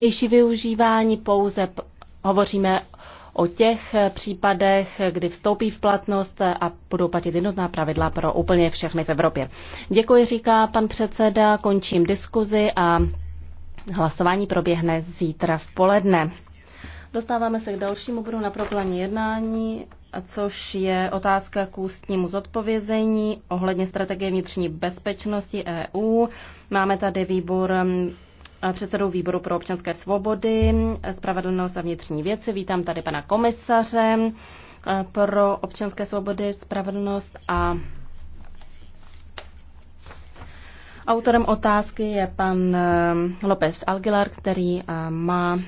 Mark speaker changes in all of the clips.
Speaker 1: Jejší využívání pouze hovoříme o těch případech, kdy vstoupí v platnost a budou platit jednotná pravidla pro úplně všechny v Evropě. Děkuji, říká pan předseda, končím diskuzi a hlasování proběhne zítra v poledne. Dostáváme se k dalšímu bodu na proklání jednání, což je otázka k ústnímu zodpovězení ohledně strategie vnitřní bezpečnosti EU. Máme tady výbor Eh, předsedou výboru pro občanské svobody, eh, spravedlnost a vnitřní věci. Vítám tady pana komisaře eh, pro občanské svobody, spravedlnost a Autorem otázky je pan López Algilar, který má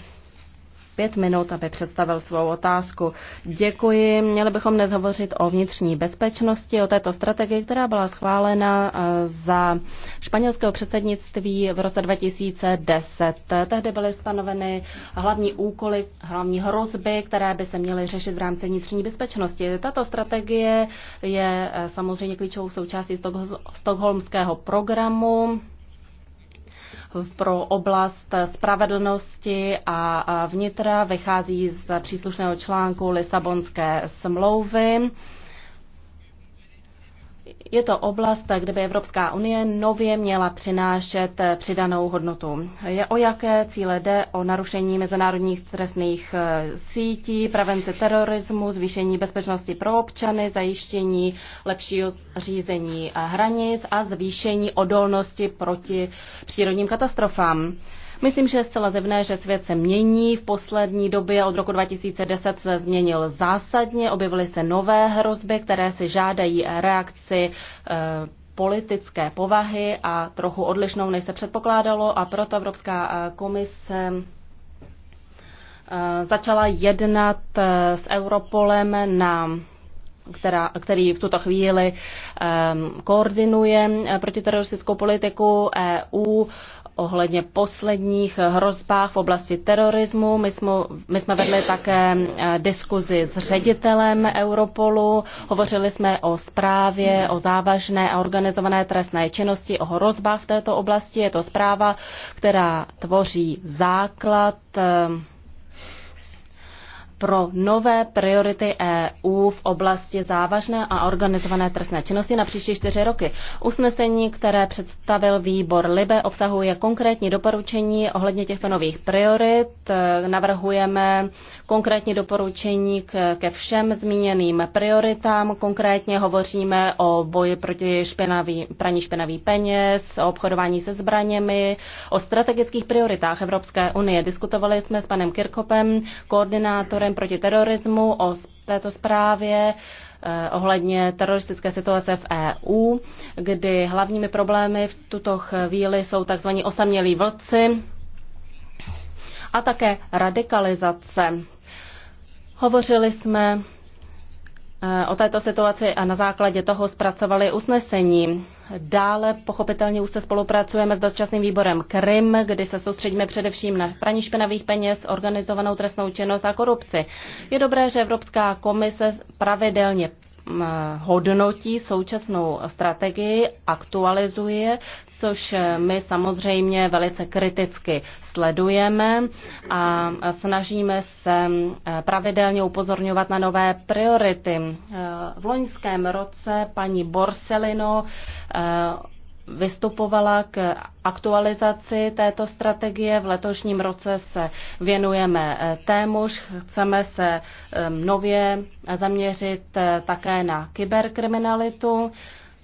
Speaker 1: pět minut, aby představil svou otázku. Děkuji. Měli bychom dnes hovořit o vnitřní bezpečnosti, o této strategii, která byla schválena eh, za španělského předsednictví v roce 2010. Tehdy byly stanoveny hlavní úkoly, hlavní hrozby, které by se měly řešit v rámci vnitřní bezpečnosti. Tato strategie je eh, samozřejmě klíčovou součástí Stockholmského programu pro oblast spravedlnosti a vnitra, vychází z příslušného článku Lisabonské smlouvy je to oblast, kde by Evropská unie nově měla přinášet přidanou hodnotu. Je o jaké cíle jde? O narušení mezinárodních trestných eh, sítí, prevenci terorismu, zvýšení bezpečnosti pro občany, zajištění lepšího řízení hranic a zvýšení odolnosti proti přírodním katastrofám. Myslím, že je zcela zevné, že svět se mění. V poslední době od roku 2010 se změnil zásadně, objevily se nové hrozby, které si žádají reakci eh, politické povahy a trochu odlišnou, než se předpokládalo a proto Evropská eh, komise eh, začala jednat s Europolem na která, který v tuto chvíli um, koordinuje protiteroristickou politiku EU ohledně posledních hrozbách v oblasti terorismu. My jsme, my jsme vedli také eh, diskuzi s ředitelem Europolu. Hovořili jsme o zprávě, o závažné a organizované trestné činnosti, o hrozbách v této oblasti. Je to zpráva, která tvoří základ eh, pro nové priority EU v oblasti závažné a organizované trestné činnosti na příští čtyři roky. Usnesení, které představil výbor Libe, obsahuje konkrétní doporučení ohledně těchto nových priorit. Navrhujeme konkrétní doporučení ke všem zmíněným prioritám. Konkrétně hovoříme o boji proti špinavý, praní špinavých peněz, o obchodování se zbraněmi, o strategických prioritách Evropské unie. Diskutovali jsme s panem Kirkopem, koordinátorem bojem proti terorismu, o této zprávě eh, ohledně teroristické situace v EU, kdy hlavními problémy v tuto chvíli jsou tzv. osamělí vlci a také radikalizace. Hovořili jsme o této situaci a na základě toho zpracovali usnesení. Dále pochopitelně už se spolupracujeme s dočasným výborem Krym, kdy se soustředíme především na praní špinavých peněz, organizovanou trestnou činnost a korupci. Je dobré, že Evropská komise pravidelně hodnotí současnou strategii, aktualizuje, což my samozřejmě velice kriticky sledujeme a snažíme se pravidelně upozorňovat na nové priority. E, v loňském roce paní Borselino e, vystupovala k aktualizaci této strategie. V letošním roce se věnujeme eh, témuž. Chceme se eh, nově zaměřit eh, také na kyberkriminalitu.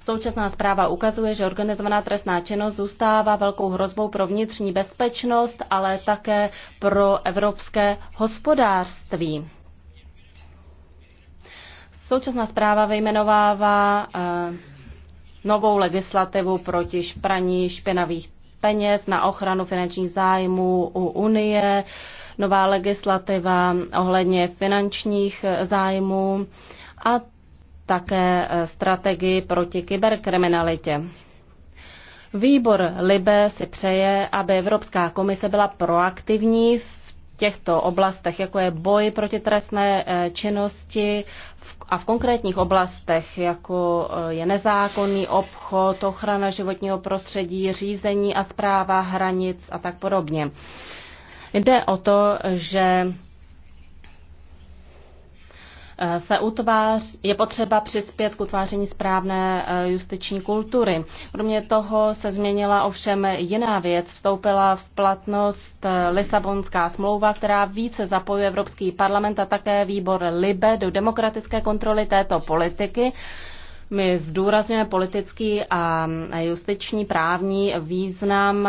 Speaker 1: Současná zpráva ukazuje, že organizovaná trestná činnost zůstává velkou hrozbou pro vnitřní bezpečnost, ale také pro evropské hospodářství. Současná zpráva vyjmenovává novou legislativu proti špraní špinavých peněz na ochranu finančních zájmů u Unie, nová legislativa ohledně finančních zájmů a také strategii proti kyberkriminalitě. Výbor Libe si přeje, aby Evropská komise byla proaktivní v těchto oblastech, jako je boj proti trestné eh, činnosti a v konkrétních oblastech, jako eh, je nezákonný obchod, ochrana životního prostředí, řízení a zpráva hranic a tak podobně. Jde o to, že Eh, se utvář, je potřeba přispět k utváření správné eh, justiční kultury. Kromě toho se změnila ovšem jiná věc. Vstoupila v platnost eh, Lisabonská smlouva, která více zapojuje Evropský parlament a také výbor LIBE do demokratické kontroly této politiky. My zdůrazňujeme politický a justiční právní význam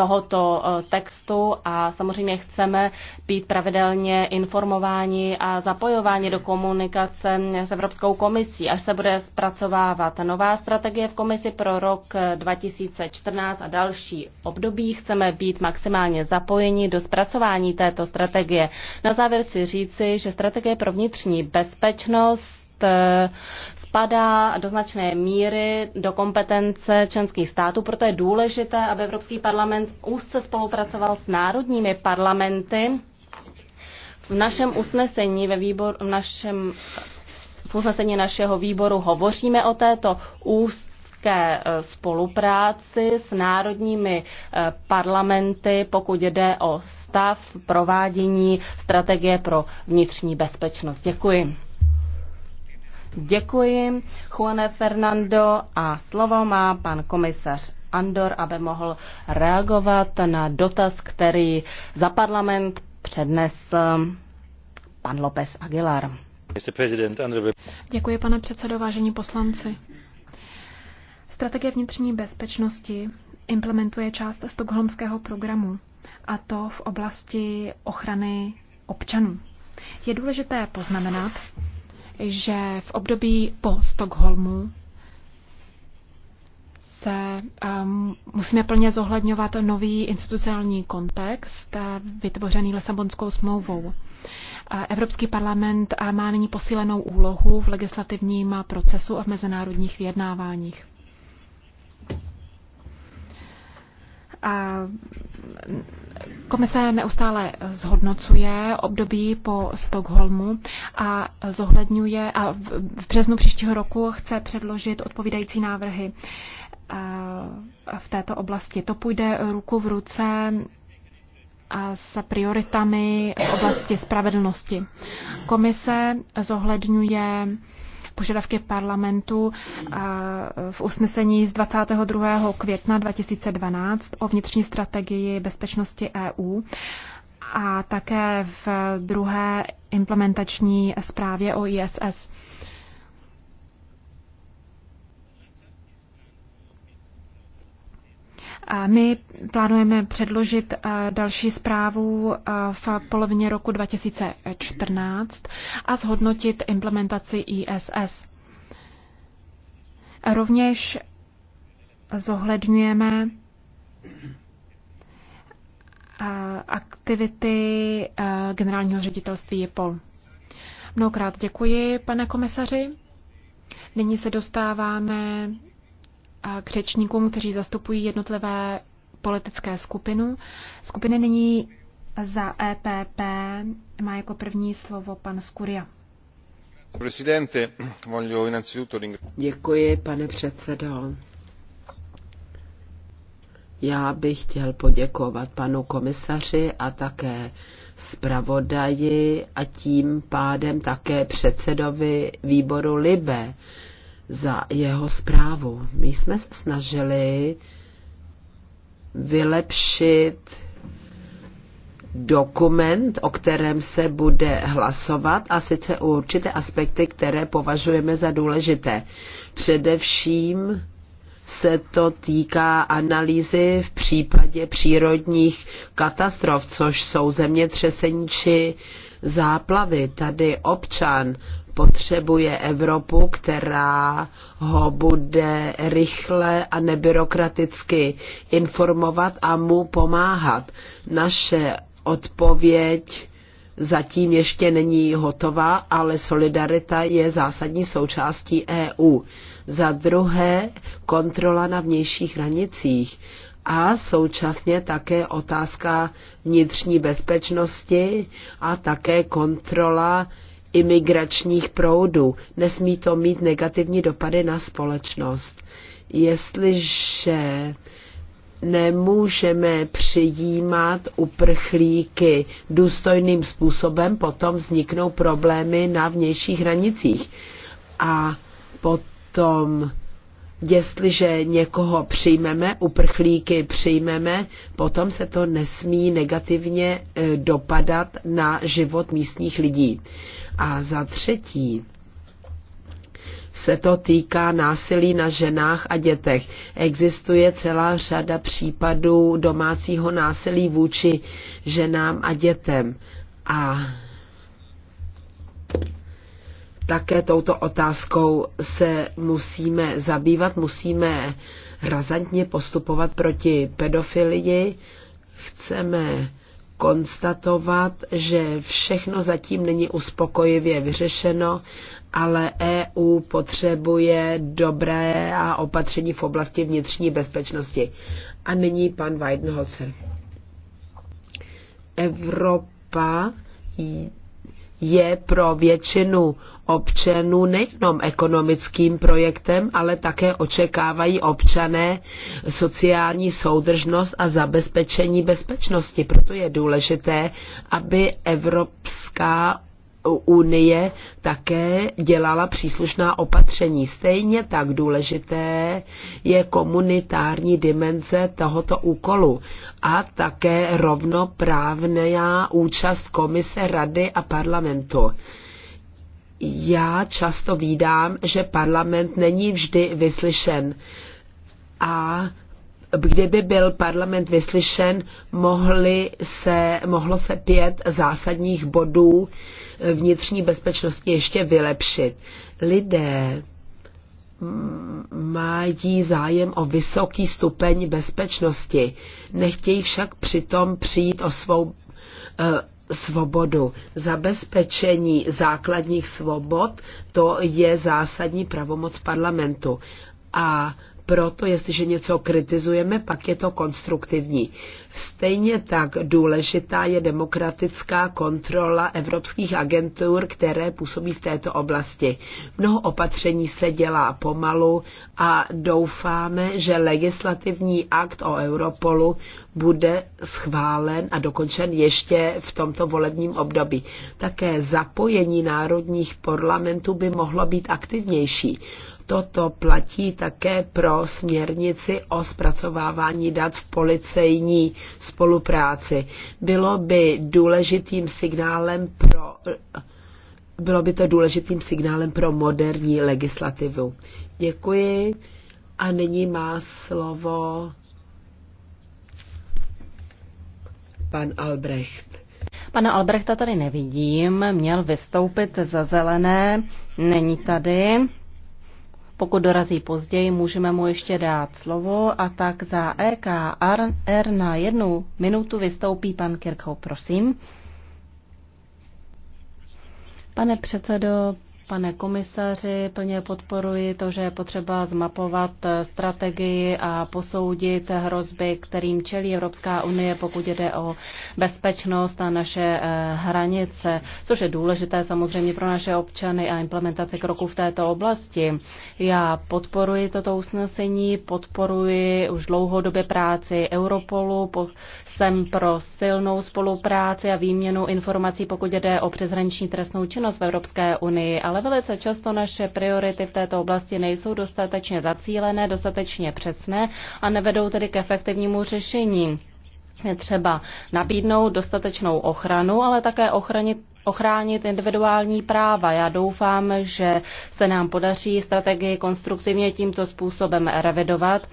Speaker 1: tohoto eh, textu a samozřejmě chceme být pravidelně informováni a zapojováni do komunikace s Evropskou komisí, až se bude zpracovávat nová strategie v komisi pro rok 2014 eh, a další období. Chceme být maximálně zapojeni do zpracování této strategie. Na závěr chci říci, že strategie pro vnitřní bezpečnost Eh, spadá do značné míry do kompetence členských států, proto je důležité, aby Evropský parlament úzce spolupracoval s národními parlamenty. V našem usnesení ve výboru, v našem v usnesení našeho výboru hovoříme o této úzké eh, spolupráci s národními eh, parlamenty, pokud jde o stav provádění strategie pro vnitřní bezpečnost. Děkuji. Děkuji, Juane Fernando, a slovo má pan komisař Andor, aby mohl reagovat na dotaz, který za parlament přednesl pan López Aguilar. Děkuji, pane předsedo, vážení poslanci.
Speaker 2: Strategie vnitřní bezpečnosti implementuje část stokholmského programu, a to v oblasti ochrany občanů. Je důležité poznamenat, že v období po Stockholmu se um, musíme plně zohledňovat nový institucionální kontext eh, vytvořený Lisabonskou smlouvou. Eh, Evropský parlament eh, má nyní posílenou úlohu v legislativním procesu a v mezinárodních vyjednáváních. komise neustále zhodnocuje období po Stockholmu a zohledňuje a v březnu příštího roku chce předložit odpovídající návrhy eh, v této oblasti. To půjde ruku v ruce a s prioritami v oblasti spravedlnosti. Komise zohledňuje požadavky parlamentu eh, v usnesení z 22. května 2012 o vnitřní strategii bezpečnosti EU a také v druhé implementační zprávě o ISS. My plánujeme předložit eh, další zprávu eh, v polovině roku 2014 a zhodnotit implementaci ISS. Rovněž zohledňujeme eh, aktivity generálního ředitelství JPOL. Mnohokrát děkuji, pane komisaři. Nyní se dostáváme k řečníkům, kteří zastupují jednotlivé politické skupinu. Skupiny nyní za EPP má jako první slovo pan Skuria.
Speaker 3: Děkuji, pane předsedo. Já bych chtěl poděkovat panu komisaři a také zpravodaji a tím pádem také předsedovi výboru Libe za jeho zprávu. My jsme se snažili vylepšit dokument, o kterém se bude hlasovat a sice určité aspekty, které považujeme za důležité. Především se to týká analýzy v případě přírodních katastrof, což jsou zemětřesení či záplavy. Tady občan potřebuje Evropu, která ho bude rychle a nebyrokraticky informovat a mu pomáhat. Naše odpověď zatím ještě není hotová, ale solidarita je zásadní součástí EU. Za druhé, kontrola na vnějších hranicích a současně také otázka vnitřní bezpečnosti a také kontrola imigračních proudů. Nesmí to mít negativní dopady na společnost. Jestliže nemůžeme přijímat uprchlíky důstojným způsobem, potom vzniknou problémy na vnějších hranicích. A potom, jestliže někoho přijmeme, uprchlíky přijmeme, potom se to nesmí negativně eh, dopadat na život místních lidí. A za třetí se to týká násilí na ženách a dětech. Existuje celá řada případů domácího násilí vůči ženám a dětem. A také touto otázkou se musíme zabývat, musíme razantně postupovat proti pedofilii, chceme konstatovat, že všechno zatím není uspokojivě vyřešeno, ale EU potřebuje dobré a opatření v oblasti vnitřní bezpečnosti. A nyní pan Weidenholzer. Evropa je pro většinu občanů nejenom ekonomickým projektem, ale také očekávají občané sociální soudržnost a zabezpečení bezpečnosti. Proto je důležité, aby Evropská unie také dělala příslušná opatření. Stejně tak důležité je komunitární dimenze tohoto úkolu a také rovnoprávná účast komise, rady a parlamentu. Já často vídám, že parlament není vždy vyslyšen a kdyby byl parlament vyslyšen, mohli se, mohlo se pět zásadních bodů vnitřní bezpečnosti ještě vylepšit. Lidé mají zájem o vysoký stupeň bezpečnosti, nechtějí však přitom přijít o svou eh, svobodu. Zabezpečení základních svobod, to je zásadní pravomoc parlamentu. A proto, jestliže něco kritizujeme, pak je to konstruktivní. Stejně tak důležitá je demokratická kontrola evropských agentur, které působí v této oblasti. Mnoho opatření se dělá pomalu a doufáme, že legislativní akt o Europolu bude schválen a dokončen ještě v tomto volebním období. Také zapojení národních parlamentů by mohlo být aktivnější. Toto platí také pro směrnici o zpracovávání dat v policejní spolupráci. Bylo by důležitým signálem pro bylo by to důležitým signálem pro moderní legislativu. Děkuji a nyní má slovo pan Albrecht.
Speaker 1: Pana Albrechta tady nevidím, měl vystoupit za zelené, není tady. Pokud dorazí později, můžeme mu ještě dát slovo a tak za EKR na jednu minutu vystoupí pan Kirchhoff, prosím. Pane předsedo, Pane komisaři, plně podporuji to, že je potřeba zmapovat strategii a posoudit hrozby, kterým čelí Evropská unie, pokud jde o bezpečnost a naše eh, hranice, což je důležité samozřejmě pro naše občany a implementaci kroků v této oblasti. Já podporuji toto usnesení, podporuji už dlouhodobě práci Europolu, jsem pro silnou spolupráci a výměnu informací, pokud jde o přeshraniční trestnou činnost v Evropské unii ale velice často naše priority v této oblasti nejsou dostatečně zacílené, dostatečně přesné a nevedou tedy k efektivnímu řešení. Je třeba nabídnout dostatečnou ochranu, ale také ochranit ochránit individuální práva. Já doufám, že se nám podaří strategii konstruktivně tímto způsobem revidovat.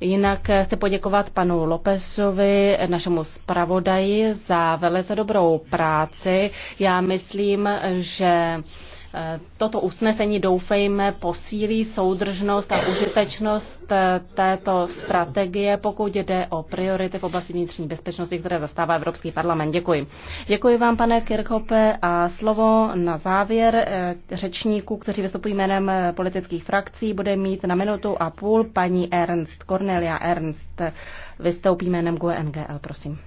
Speaker 1: Jinak chci poděkovat panu Lopesovi, našemu zpravodaji, za velice dobrou práci. Já myslím, že Toto usnesení doufejme posílí soudržnost a užitečnost eh, této strategie, pokud jde o priority v oblasti vnitřní bezpečnosti, které zastává Evropský parlament. Děkuji. Děkuji vám, pane Kirchope, a slovo na závěr eh, řečníků, kteří vystupují jménem eh, politických frakcí, bude mít na minutu a půl paní Ernst, Cornelia Ernst, vystoupí jménem GNGL. prosím.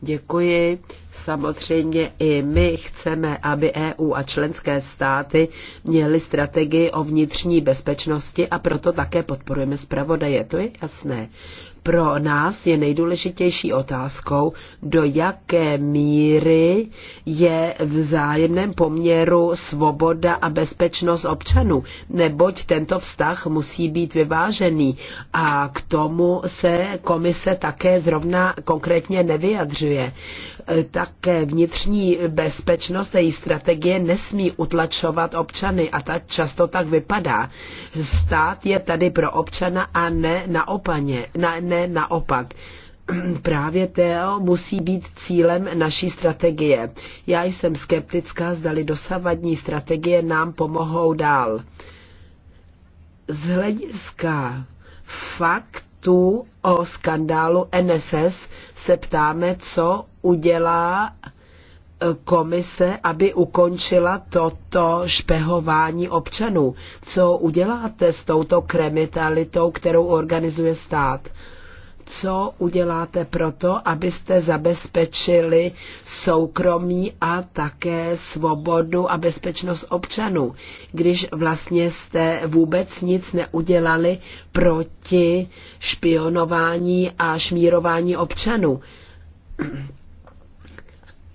Speaker 3: Děkuji. Samozřejmě i my chceme, aby EU a členské státy měly strategii o vnitřní bezpečnosti a proto také podporujeme zpravodaje. To je jasné. Pro nás je nejdůležitější otázkou, do jaké míry je v zájemném poměru svoboda a bezpečnost občanů, neboť tento vztah musí být vyvážený a k tomu se komise také zrovna konkrétně nevyjadřuje. Také vnitřní bezpečnost její strategie nesmí utlačovat občany a ta často tak vypadá. Stát je tady pro občana a ne naopaně, na, ne naopak právě to musí být cílem naší strategie. Já jsem skeptická, zdali dosavadní strategie nám pomohou dál. Z hlediska faktu o skandálu NSS se ptáme, co udělá eh, komise, aby ukončila toto špehování občanů. Co uděláte s touto kremitalitou, kterou organizuje stát? co uděláte proto, abyste zabezpečili soukromí a také svobodu a bezpečnost občanů, když vlastně jste vůbec nic neudělali proti špionování a šmírování občanů.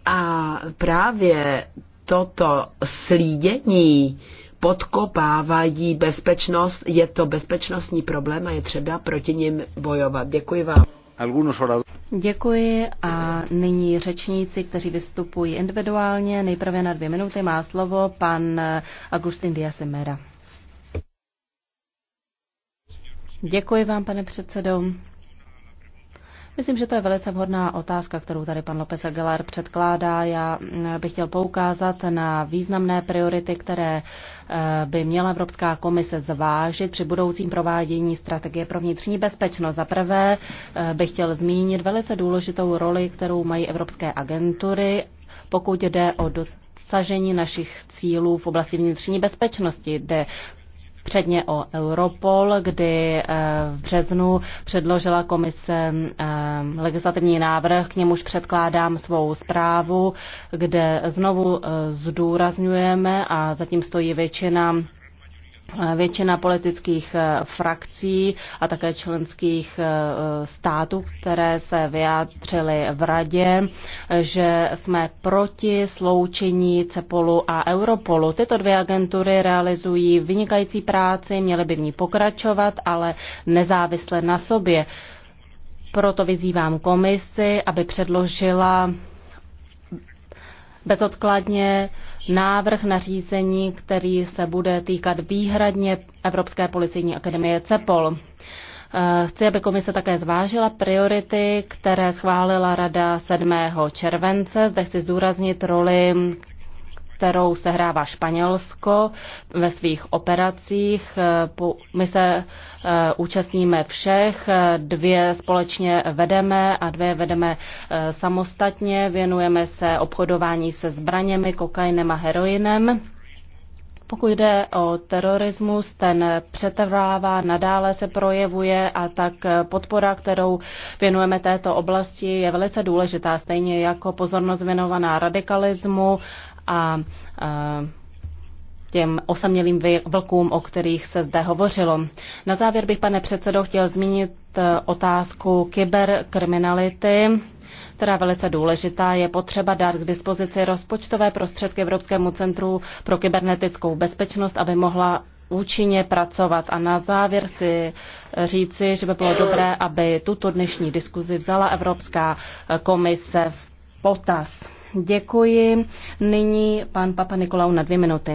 Speaker 3: A právě toto slídění podkopávají bezpečnost. Je to bezpečnostní problém a je třeba proti nim bojovat. Děkuji vám.
Speaker 1: Děkuji a nyní řečníci, kteří vystupují individuálně. Nejprve na dvě minuty má slovo pan Agustin Diasemera. Děkuji vám, pane předsedo. Myslím, že to je velice vhodná otázka, kterou tady pan López Aguilar předkládá. Já eh, bych chtěl poukázat na významné priority, které eh, by měla Evropská komise zvážit při budoucím provádění strategie pro vnitřní bezpečnost. Za prvé eh, bych chtěl zmínit velice důležitou roli, kterou mají evropské agentury, pokud jde o dotazy dosažení našich cílů v oblasti vnitřní bezpečnosti. Jde předně o Europol, kdy eh, v březnu předložila komise eh, legislativní návrh, k němuž předkládám svou zprávu, kde znovu eh, zdůrazňujeme a zatím stojí většina většina politických eh, frakcí a také členských eh, států, které se vyjádřily v radě, že jsme proti sloučení CEPOLu a Europolu. Tyto dvě agentury realizují vynikající práci, měly by v ní pokračovat, ale nezávisle na sobě. Proto vyzývám komisi, aby předložila bezodkladně návrh nařízení, který se bude týkat výhradně Evropské policejní akademie CEPOL. Eh, chci, aby komise také zvážila priority, které schválila Rada 7. července. Zde chci zdůraznit roli kterou sehrává Španělsko ve svých operacích. My se eh, účastníme všech, dvě společně vedeme a dvě vedeme eh, samostatně. Věnujeme se obchodování se zbraněmi, kokainem a heroinem. Pokud jde o terorismus, ten přetrvává, nadále se projevuje a tak podpora, kterou věnujeme této oblasti, je velice důležitá, stejně jako pozornost věnovaná radikalismu a těm osamělým vlkům, o kterých se zde hovořilo. Na závěr bych, pane předsedo, chtěl zmínit e, otázku kyberkriminality která velice důležitá, je potřeba dát k dispozici rozpočtové prostředky Evropskému centru pro kybernetickou bezpečnost, aby mohla účinně pracovat. A na závěr si říci, že by bylo dobré, aby tuto dnešní diskuzi vzala Evropská komise v potaz. Děkuji. Nyní pan Papa Nikolau na dvě minuty.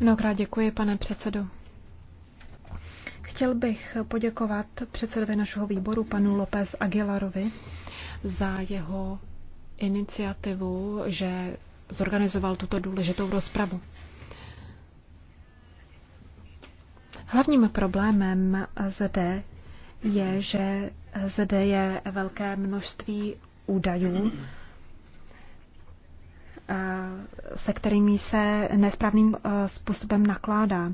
Speaker 1: Mnohokrát
Speaker 2: děkuji, pane předsedo. Chtěl bych poděkovat předsedovi našeho výboru, panu López Aguilarovi, za jeho iniciativu, že zorganizoval tuto důležitou rozpravu. Hlavním problémem zde je, že zde je velké množství údajů, eh, se kterými se nesprávným eh, způsobem nakládá.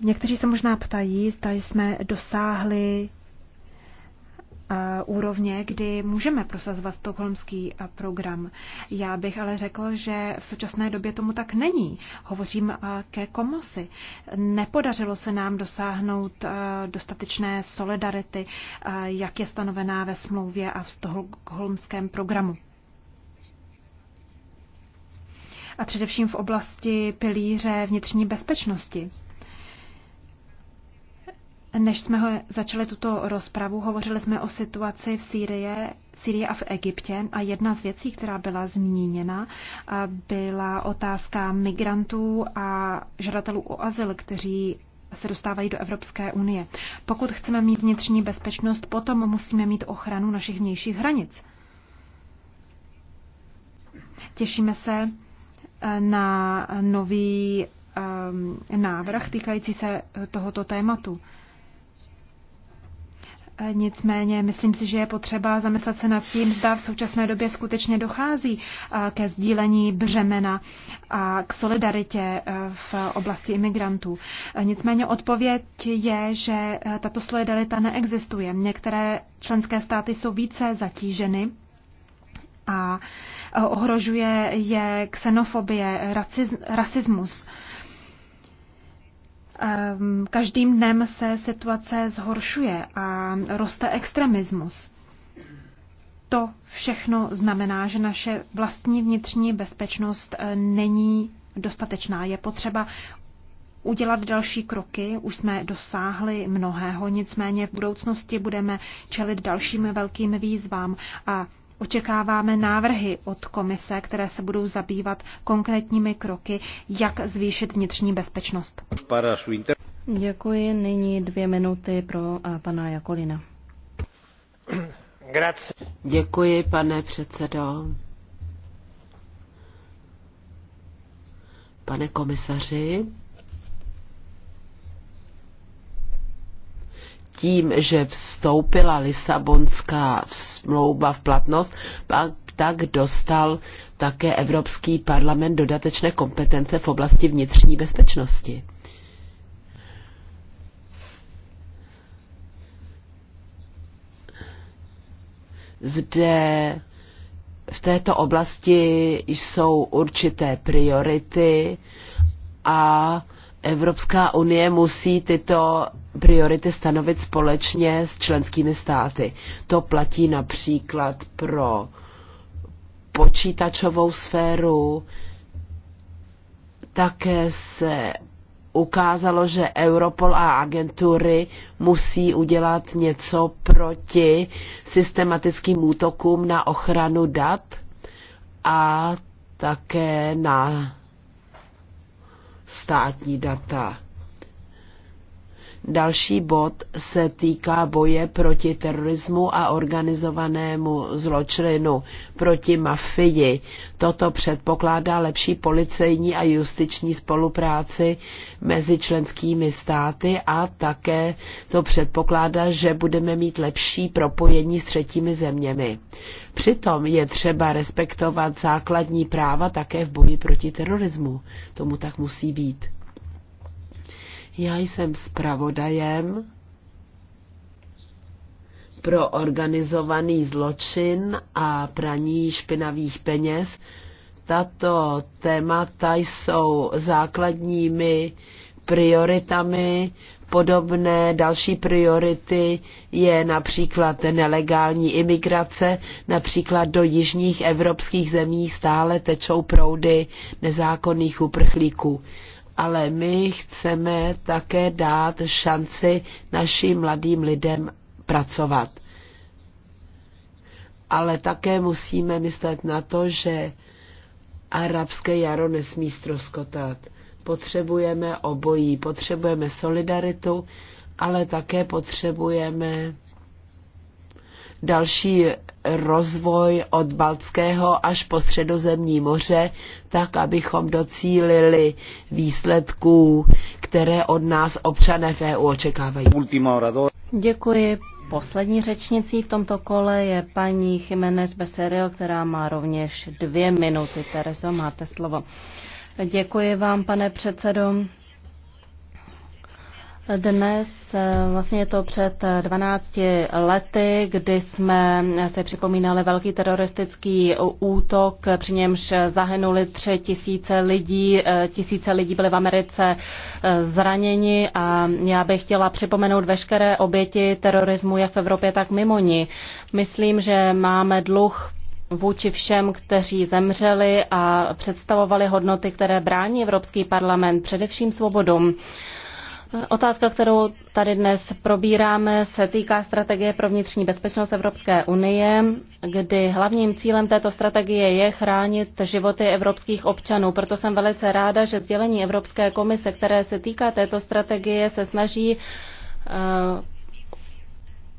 Speaker 2: Někteří se možná ptají, zda jsme dosáhli Eh, úrovně, kdy můžeme prosazovat stokholmský eh, program. Já bych ale řekl, že v současné době tomu tak není. Hovořím eh, ke komosi. Nepodařilo se nám dosáhnout dostatečné solidarity, jak je stanovená ve smlouvě a v stokholmském programu. A především v oblasti pilíře vnitřní bezpečnosti. Než jsme začali tuto rozpravu, hovořili jsme o situaci v Sýrie, Sýrie a v Egyptě a jedna z věcí, která byla zmíněna, byla otázka migrantů a žadatelů o azyl, kteří se dostávají do Evropské unie. Pokud chceme mít vnitřní bezpečnost, potom musíme mít ochranu našich vnějších hranic. Těšíme se eh, na nový ehm, návrh týkající se eh, tohoto tématu. Nicméně myslím si, že je potřeba zamyslet se nad tím, zda v současné době skutečně dochází ke sdílení břemena a k solidaritě e, v oblasti imigrantů. E, nicméně odpověď je, že e, tato solidarita neexistuje. Některé členské státy jsou více zatíženy a ohrožuje je xenofobie, rasismus. Ehm, každým dnem se situace zhoršuje a roste extremismus. To všechno znamená, že naše vlastní vnitřní bezpečnost eh, není dostatečná. Je potřeba udělat další kroky. Už jsme dosáhli mnohého, nicméně v budoucnosti budeme čelit dalším velkým výzvám a Očekáváme návrhy od komise, které se budou zabývat konkrétními kroky, jak zvýšit
Speaker 1: vnitřní bezpečnost. Děkuji. Nyní dvě minuty pro eh, pana Jakolina.
Speaker 3: Děkuji, pane předsedo. Pane komisaři, tím, že vstoupila Lisabonská smlouva v platnost, pak tak dostal také Evropský parlament dodatečné kompetence v oblasti vnitřní bezpečnosti. Zde v této oblasti jsou určité priority a Evropská unie musí tyto priority stanovit společně s členskými státy. To platí například pro počítačovou sféru. Také se ukázalo, že Europol a agentury musí udělat něco proti systematickým útokům na ochranu dat a také na státní data. Další bod se týká boje proti terorismu a organizovanému zločinu, proti mafii. Toto předpokládá lepší policejní a justiční spolupráci mezi členskými státy a také to předpokládá, že budeme mít lepší propojení s třetími zeměmi. Přitom je třeba respektovat základní práva také v boji proti terorismu. Tomu tak musí být. Já jsem zpravodajem pro organizovaný zločin a praní špinavých peněz. Tato témata jsou základními prioritami. Podobné další priority je například nelegální imigrace. Například do jižních evropských zemí stále tečou proudy nezákonných uprchlíků ale my chceme také dát šanci našim mladým lidem pracovat. Ale také musíme myslet na to, že arabské jaro nesmí stroskotat. Potřebujeme obojí, potřebujeme solidaritu, ale také potřebujeme další rozvoj od Baltského až po středozemní moře, tak abychom docílili výsledků, které od nás občané v EU očekávají.
Speaker 1: Děkuji. Poslední řečnicí v tomto kole je paní Jiménez Beseril, která má rovněž dvě minuty. Terezo, máte slovo. Děkuji vám, pane předsedo. Dnes eh, vlastně je to před 12 eh, lety, kdy jsme eh, se připomínali velký teroristický útok, při němž zahynuli tři tisíce lidí, tisíce lidí byly v Americe zraněni a já bych chtěla připomenout veškeré oběti terorismu jak v Evropě, tak mimo ní. Myslím, že máme dluh vůči všem, kteří zemřeli a představovali hodnoty, které brání Evropský parlament, především svobodům. Otázka, kterou tady dnes probíráme, se týká strategie pro vnitřní bezpečnost Evropské unie, kdy hlavním cílem této strategie je chránit životy evropských občanů. Proto jsem velice ráda, že sdělení Evropské komise, které se týká této strategie, se snaží eh,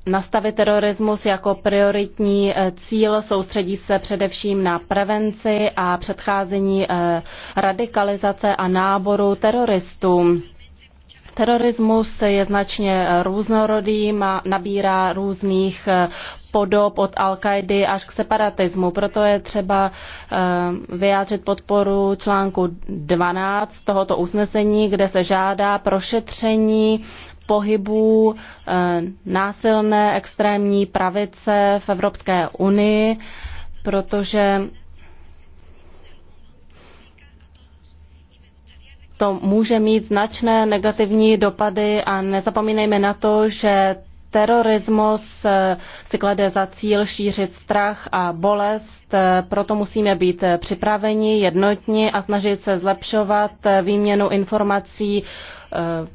Speaker 1: nastavit terorismus jako prioritní eh, cíl, soustředí se především na prevenci a předcházení eh, radikalizace a náboru teroristů. Terorismus je značně různorodý, má, nabírá různých eh, podob od al kaidy až k separatismu. Proto je třeba eh, vyjádřit podporu článku 12 tohoto usnesení, kde se žádá prošetření pohybů eh, násilné extrémní pravice v Evropské unii, protože to může mít značné negativní dopady a nezapomínejme na to, že terorismus eh, si klade za cíl šířit strach a bolest, eh, proto musíme být eh, připraveni, jednotní a snažit se zlepšovat výměnu informací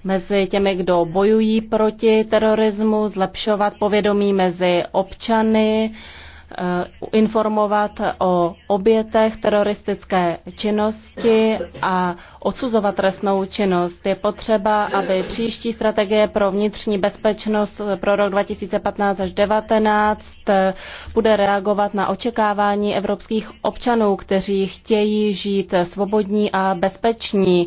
Speaker 1: mezi těmi, kdo bojují proti terorismu, zlepšovat povědomí mezi občany, Eh, informovat o obětech teroristické činnosti a odsuzovat trestnou činnost. Je potřeba, aby příští strategie pro vnitřní bezpečnost pro rok 2015 až 2019 eh, bude reagovat na očekávání evropských občanů, kteří chtějí žít svobodní a bezpeční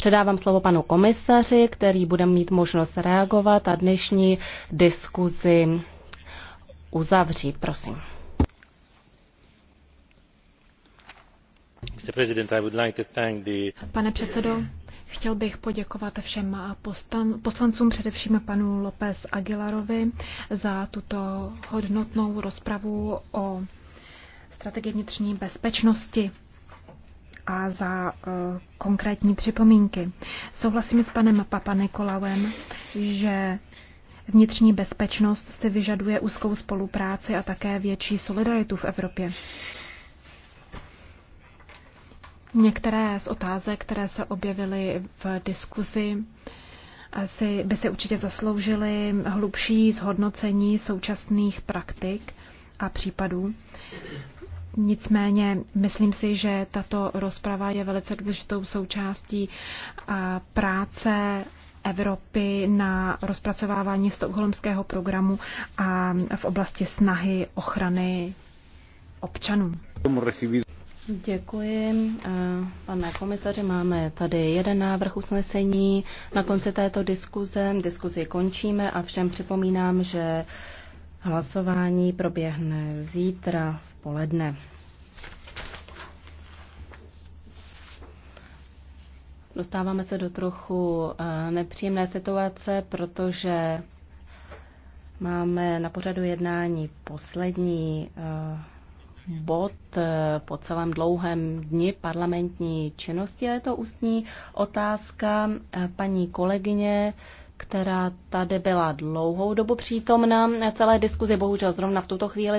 Speaker 1: Předávám slovo panu komisaři, který bude mít možnost reagovat a dnešní diskuzi uzavřít. Prosím.
Speaker 4: Pane předsedo,
Speaker 2: chtěl bych poděkovat všem poslancům, především panu López Aguilarovi, za tuto hodnotnou rozpravu o strategii vnitřní bezpečnosti a za e, konkrétní připomínky. Souhlasím s panem Papa Nikolauem, že vnitřní bezpečnost si vyžaduje úzkou spolupráci a také větší solidaritu v Evropě. Některé z otázek, které se objevily v diskuzi, asi by se určitě zasloužily hlubší zhodnocení současných praktik a případů Nicméně myslím si, že tato rozprava je velice důležitou součástí práce Evropy na rozpracovávání stokholmského programu a v oblasti snahy ochrany
Speaker 1: občanů. Děkuji. Pane komisaři, máme tady jeden návrh usnesení. Na konci této diskuze, diskuzi končíme a všem připomínám, že hlasování proběhne zítra poledne. Dostáváme se do trochu eh, nepříjemné situace, protože máme na pořadu jednání poslední eh, bod eh, po celém dlouhém dni parlamentní činnosti. Je to ústní otázka paní kolegyně, která tady byla dlouhou dobu přítomna celé diskuzi. Bohužel zrovna v tuto chvíli